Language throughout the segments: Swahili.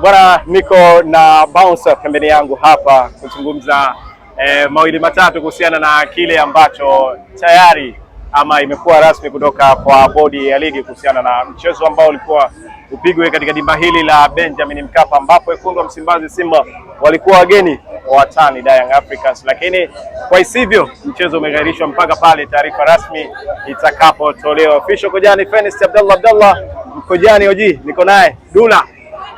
Bwana, niko na bouncer pembeni yangu hapa kuzungumza eh, mawili matatu kuhusiana na kile ambacho tayari ama imekuwa rasmi kutoka kwa bodi ya ligi kuhusiana na mchezo ambao ulikuwa upigwe katika dimba hili la Benjamin Mkapa ambapo wekundu wa Msimbazi Simba walikuwa wageni wa watani Young Africans, lakini kwa hivyo mchezo umeghairishwa mpaka pale taarifa rasmi itakapotolewa. Official Kojani Fenest Abdallah Abdallah Kojani Oji, niko naye Dula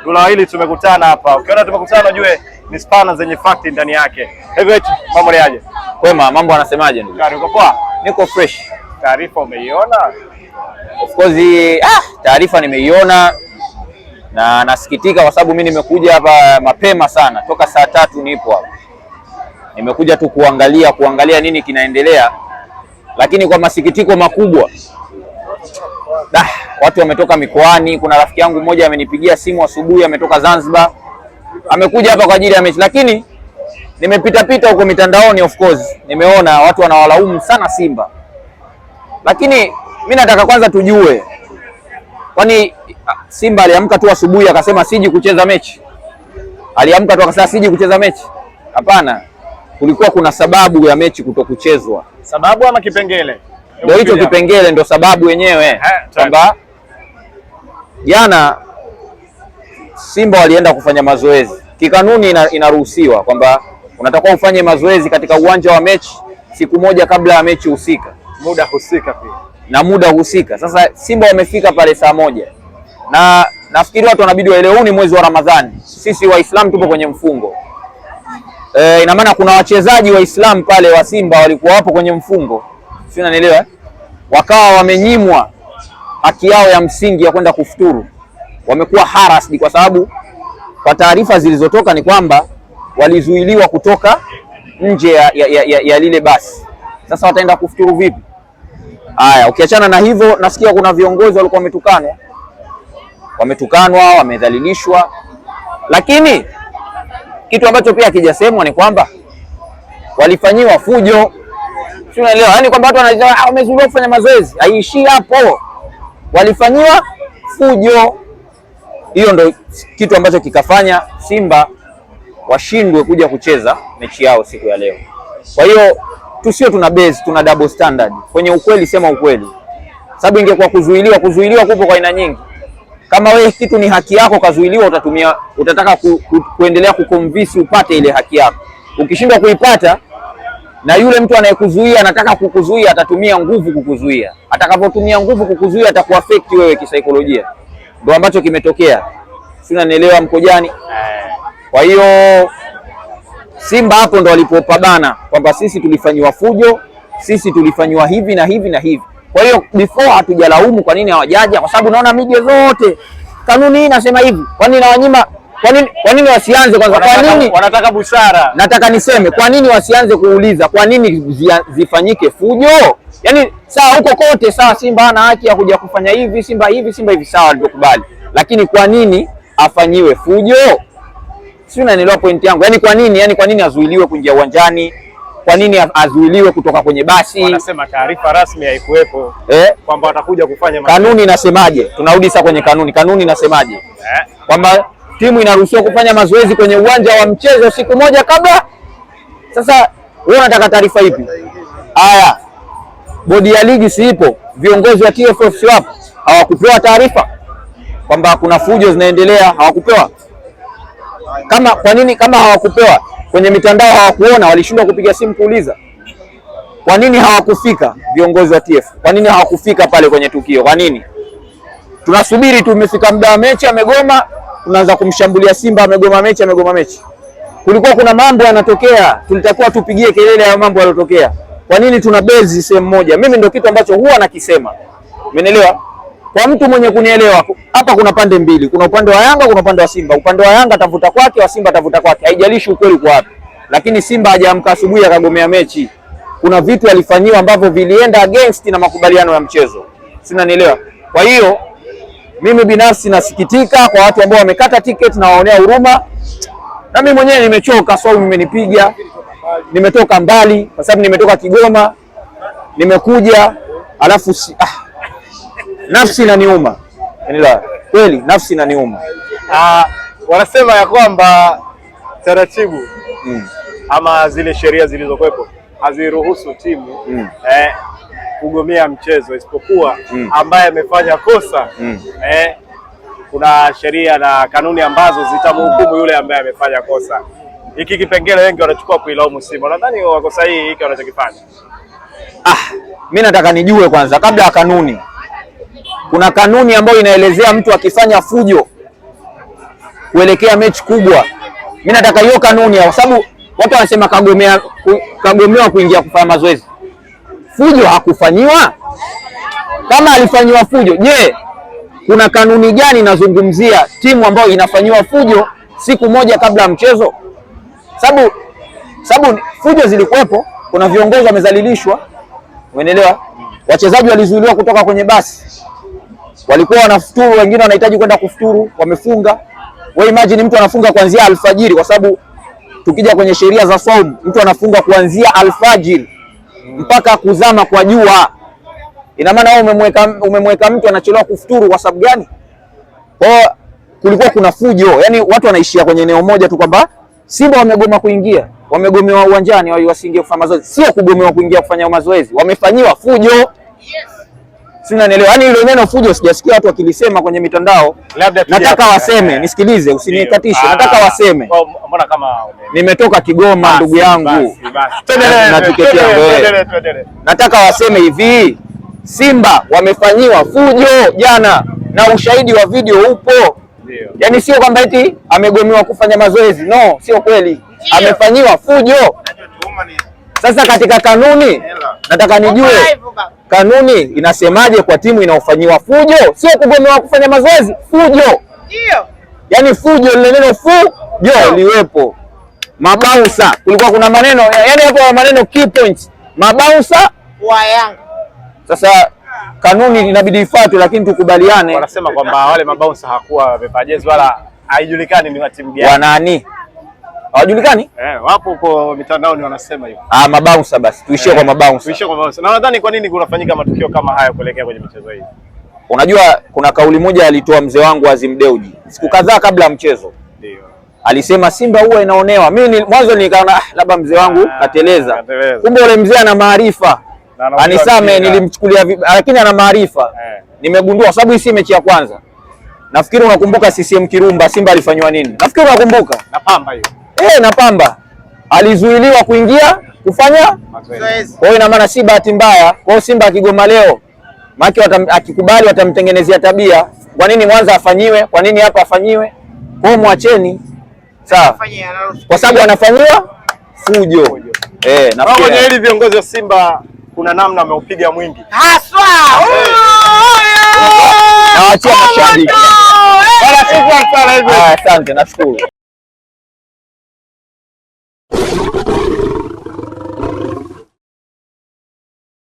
dola tumekutana hapa. Ukiona tumekutana ujue ni spana zenye fact ndani yake. Heavyweight, mambo aje? Kwema, mambo anasemaje ndugu? Kari uko poa? Niko fresh. Taarifa umeiona? Of course, ah, taarifa nimeiona na nasikitika kwa sababu mimi nimekuja hapa mapema sana, toka saa tatu nipo hapa, nimekuja tu kuangalia kuangalia nini kinaendelea, lakini kwa masikitiko makubwa Dah, watu wametoka mikoani. Kuna rafiki yangu mmoja amenipigia simu asubuhi, ametoka Zanzibar, amekuja hapa kwa ajili ya mechi, lakini nimepitapita huko mitandaoni, of course nimeona watu wanawalaumu sana Simba, lakini mi nataka kwanza tujue, kwani Simba aliamka tu asubuhi akasema siji kucheza mechi? Aliamka tu akasema siji kucheza mechi? Hapana, kulikuwa kuna sababu ya mechi kutokuchezwa. Sababu ama kipengele? ndio hicho kipengele ndio sababu yenyewe eh, kwamba jana Simba walienda kufanya mazoezi. Kikanuni inaruhusiwa kwamba unatakiwa ufanye mazoezi katika uwanja wa mechi siku moja kabla ya mechi husika, muda husika pia na muda husika. Sasa Simba wamefika pale saa moja na nafikiri watu wanabidi waelewe, huu ni mwezi wa Ramadhani, sisi Waislamu tupo kwenye mfungo e, ina maana kuna wachezaji Waislamu pale wa Simba walikuwa wapo kwenye mfungo si unanielewa? Wakawa wamenyimwa haki yao ya msingi ya kwenda kufuturu, wamekuwa harassed kwa sababu kwa taarifa zilizotoka ni kwamba walizuiliwa kutoka nje ya, ya, ya, ya, ya lile basi. Sasa wataenda kufuturu vipi? Haya, ukiachana na hivyo, nasikia kuna viongozi walikuwa wametukanwa, wametukanwa, wamedhalilishwa, lakini kitu ambacho pia hakijasemwa ni kwamba walifanyiwa fujo si unaelewa? Yaani kwamba watu wanajua ah, kufanya mazoezi, aiishi hapo, walifanyiwa fujo. Hiyo ndo kitu ambacho kikafanya Simba washindwe kuja kucheza mechi yao siku ya leo. Kwa hiyo tusio tuna base, tuna double standard kwenye ukweli, sema ukweli, sababu ingekuwa kuzuiliwa, kuzuiliwa kupo kwa aina nyingi. Kama we kitu ni haki yako, kazuiliwa, utatumia utataka ku, ku, kuendelea kukonvince upate ile haki yako, ukishindwa kuipata na yule mtu anayekuzuia anataka kukuzuia, atatumia nguvu kukuzuia. Atakapotumia nguvu kukuzuia, atakuaffect wewe kisaikolojia. Ndio ambacho kimetokea, si unanielewa Mkojani? Kwa hiyo Simba hapo ndo walipopabana kwamba sisi tulifanyiwa fujo, sisi tulifanyiwa hivi na hivi na hivi. Kwa hiyo before hatujalaumu kwa nini hawajaja, kwa sababu naona media zote kanuni hii inasema hivi, kwani wanyima kwa nini kwa nini wasianze kwanza? Kwa nini wanataka busara? Nataka niseme kwa nini wasianze kuuliza kwa nini zifanyike fujo? Yaani sawa, huko kote sawa, Simba hana haki ya kuja kufanya hivi, Simba hivi, Simba hivi, sawa, alivyokubali lakini kwa nini afanyiwe fujo? Si unanielewa pointi yangu? Yaani kwa nini, yaani kwa nini azuiliwe kuingia uwanjani? Kwa nini azuiliwe kutoka kwenye basi? Wanasema taarifa rasmi haikuwepo eh, kwamba watakuja kufanya. Kanuni inasemaje? Tunarudi sasa kwenye kanuni. Kanuni inasemaje? Eh, kwamba timu inaruhusiwa kufanya mazoezi kwenye uwanja wa mchezo siku moja kabla. Sasa wewe unataka taarifa ipi? Haya, bodi ya ligi si ipo, viongozi wa TFF si wapo? Hawakupewa taarifa kwamba kuna fujo zinaendelea? Hawakupewa kama kwa nini? Kama hawakupewa kwenye mitandao, hawakuona? Walishindwa kupiga simu kuuliza? Kwa nini hawakufika viongozi wa TF? Kwa nini hawakufika pale kwenye tukio? Kwa nini tunasubiri tu? Umefika muda wa mechi, amegoma unaanza kumshambulia Simba, amegoma mechi, amegoma mechi. Kulikuwa kuna mambo yanatokea, tulitakiwa tupigie kelele ya mambo yalotokea. Kwa nini tuna bezi sehemu moja? Mimi ndio kitu ambacho huwa nakisema, umeelewa? Kwa mtu mwenye kunielewa, hapa kuna pande mbili, kuna upande wa Yanga, kuna upande wa Simba. Upande wa Yanga tavuta kwake, wa Simba tavuta kwake, haijalishi ukweli kwa wapi. Lakini Simba hajaamka asubuhi akagomea mechi, kuna vitu alifanyiwa ambavyo vilienda against na makubaliano ya mchezo, si unanielewa? Kwa hiyo mimi binafsi nasikitika kwa watu ambao wamekata tiketi na waonea huruma, na mimi mwenyewe nimechoka. sababu so nimetoka mbali kwa sababu nimetoka Kigoma nimekuja, alafu ah, nafsi inaniuma yaani kweli, nafsi inaniuma. Ah, wanasema ya kwamba taratibu mm. ama zile sheria zilizokuwepo haziruhusu timu mm. eh, kugomea mchezo, isipokuwa mm. ambaye amefanya kosa mm. eh, kuna sheria na kanuni ambazo zitamhukumu yule ambaye amefanya kosa. Hiki kipengele wengi wanachukua kuilaumu Simba, nadhani wako sahihi hiki wanachokifanya. Ah, mi nataka nijue kwanza, kabla ya kanuni, kuna kanuni ambayo inaelezea mtu akifanya fujo kuelekea mechi kubwa. Mi nataka hiyo kanuni, kwa sababu watu wanasema kagomea, kagomewa kuingia kufanya mazoezi fujo hakufanyiwa? Kama alifanyiwa fujo, je, kuna kanuni gani inazungumzia timu ambayo inafanyiwa fujo siku moja kabla ya mchezo? Sababu sababu fujo zilikuwepo, kuna viongozi wamezalilishwa, umeelewa? Wachezaji walizuiliwa kutoka kwenye basi, walikuwa wanafuturu, wengine wanahitaji kwenda kufuturu, wamefunga. Wewe imagine mtu anafunga kuanzia alfajiri, kwa sababu tukija kwenye sheria za saumu mtu anafunga kuanzia alfajiri mpaka kuzama kwa jua. Ina maana wewe umemweka umemweka mtu anachelewa kufuturu kwa sababu gani? Kwa kulikuwa kuna fujo, yani watu wanaishia kwenye eneo moja tu kwamba Simba wamegoma kuingia, wamegomewa uwanjani, wasiingie kufanya mazoezi. Sio kugomewa kuingia kufanya mazoezi, wamefanyiwa fujo. Yes sina nielewa. Yaani ile neno fujo sijasikia watu wakilisema kwenye mitandao. Labda eh, ah, nataka waseme, nisikilize, usinikatishe. Nataka waseme. Mbona kama nimetoka Kigoma ndugu yangu. Na tiketi wewe. Nataka waseme hivi. Simba wamefanyiwa fujo jana na ushahidi wa video upo. Yaani sio kwamba eti amegomewa kufanya mazoezi. No, sio kweli. Amefanyiwa fujo. Sasa katika kanuni nataka nijue Kanuni inasemaje kwa timu inaofanyiwa fujo? Sio kugomewa kufanya mazoezi, fujo. Ndio. Yaani fujo, lile neno fujo liwepo. Mabausa, kulikuwa kuna maneno, yaani hapo maneno key points. Mabausa wa Yanga. Sasa kanuni inabidi ifuatwe, lakini tukubaliane. Wanasema kwamba wale mabausa hakuwa wamevaa jezi wala haijulikani ni wa timu gani. Wa nani? hawajulikani eh, wapo kwa mitandaoni wanasema hiyo. Ah, mabouncer basi tuishie eh, kwa mabouncer. Tuishie kwa mabouncer. Na nadhani kwa nini kunafanyika matukio kama haya kuelekea kwenye michezo hii? Unajua kuna kauli moja alitoa mzee wangu Azim Deuji siku eh, kadhaa kabla ya mchezo. Ndio. Alisema Simba huwa inaonewa. Mimi ni mwanzo nikaona ah, labda mzee wangu ah, kateleza. Kumbe ule mzee ana maarifa. Anisame nilimchukulia lakini ana maarifa. Eh. Nimegundua kwa sababu hii si mechi ya kwanza. Nafikiri unakumbuka CCM Kirumba Simba alifanywa nini? Nafikiri unakumbuka. Na Pamba hiyo eh, na Pamba alizuiliwa kuingia kufanya. Kwa hiyo ina maana si bahati mbaya. Kwa hiyo Simba akigoma leo maki watam, akikubali watamtengenezea tabia. Kwa nini Mwanza afanyiwe? Kwa nini hapa afanyiwe? Kwa hiyo mwacheni, sawa, kwa sababu anafanyiwa fujo eh, na kwenye hili viongozi wa Simba kuna namna ameupiga mwingi haswa na wachia mashabiki. Asante, nashukuru.